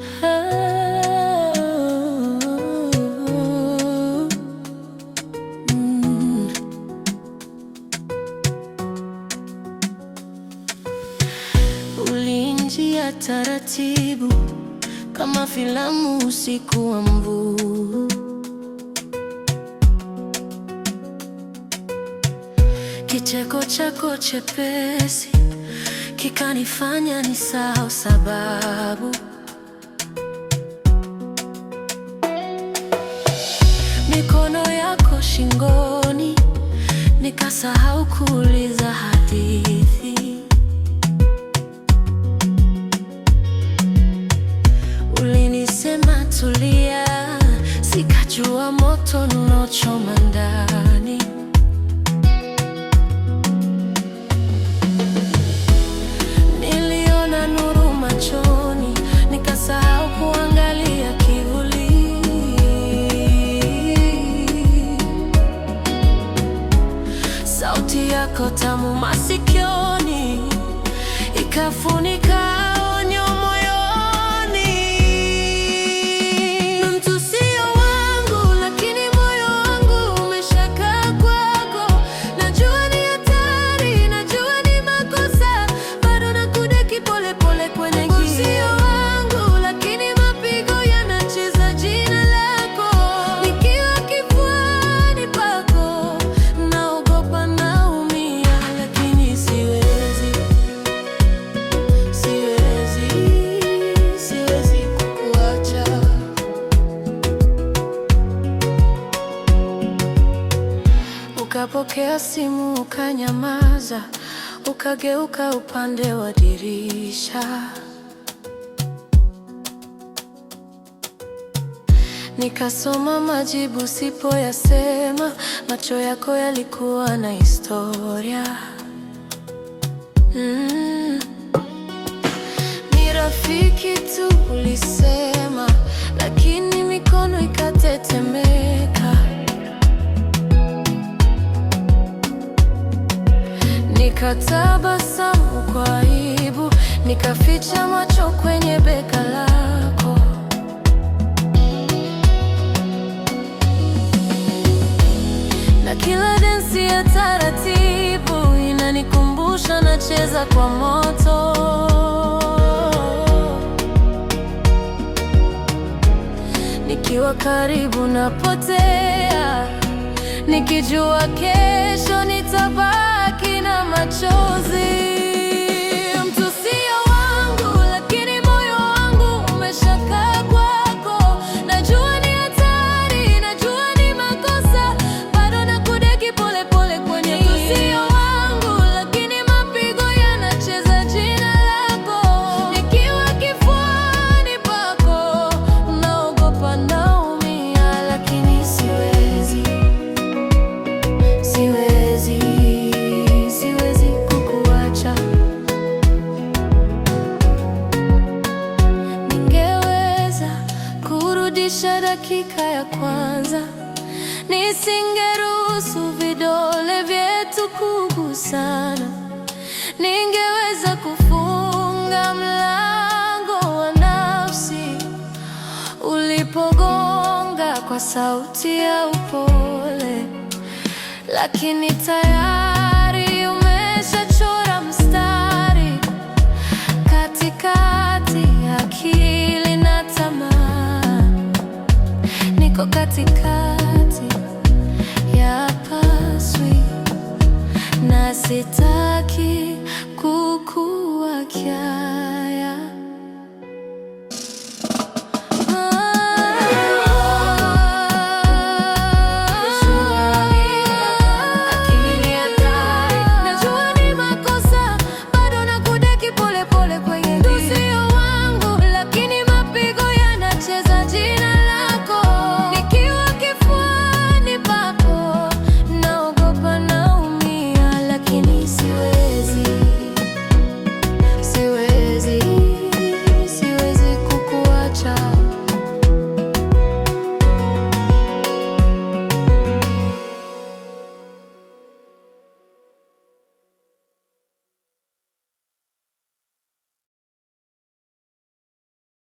Oh. Uliingia taratibu kama filamu usiku wa mvua, kicheko chako chepesi kikanifanya nisahau sababu mikono yako shingoni, nikasahau kuuliza hadithi. Ulinisema tulia, sikajua moto unaochoma ndani sauti yako tamu masikioni ikafunika Ulipokea simu ukanyamaza, ukageuka upande wa dirisha. Nikasoma majibu sipo yasema macho yako yalikuwa na historia. Mm. Ni rafiki tu nikatabasamu kwa aibu, nikaficha macho kwenye beka lako. Na kila densi ya taratibu inanikumbusha nacheza kwa moto. Nikiwa karibu napotea, nikijua kesho nitabaki dakika ya kwanza, nisingeruhusu vidole vyetu kugusana, ningeweza kufunga mlango wa nafsi ulipogonga kwa sauti ya upole, lakini tayari niko katikati ya paswi na sitaki kukuacha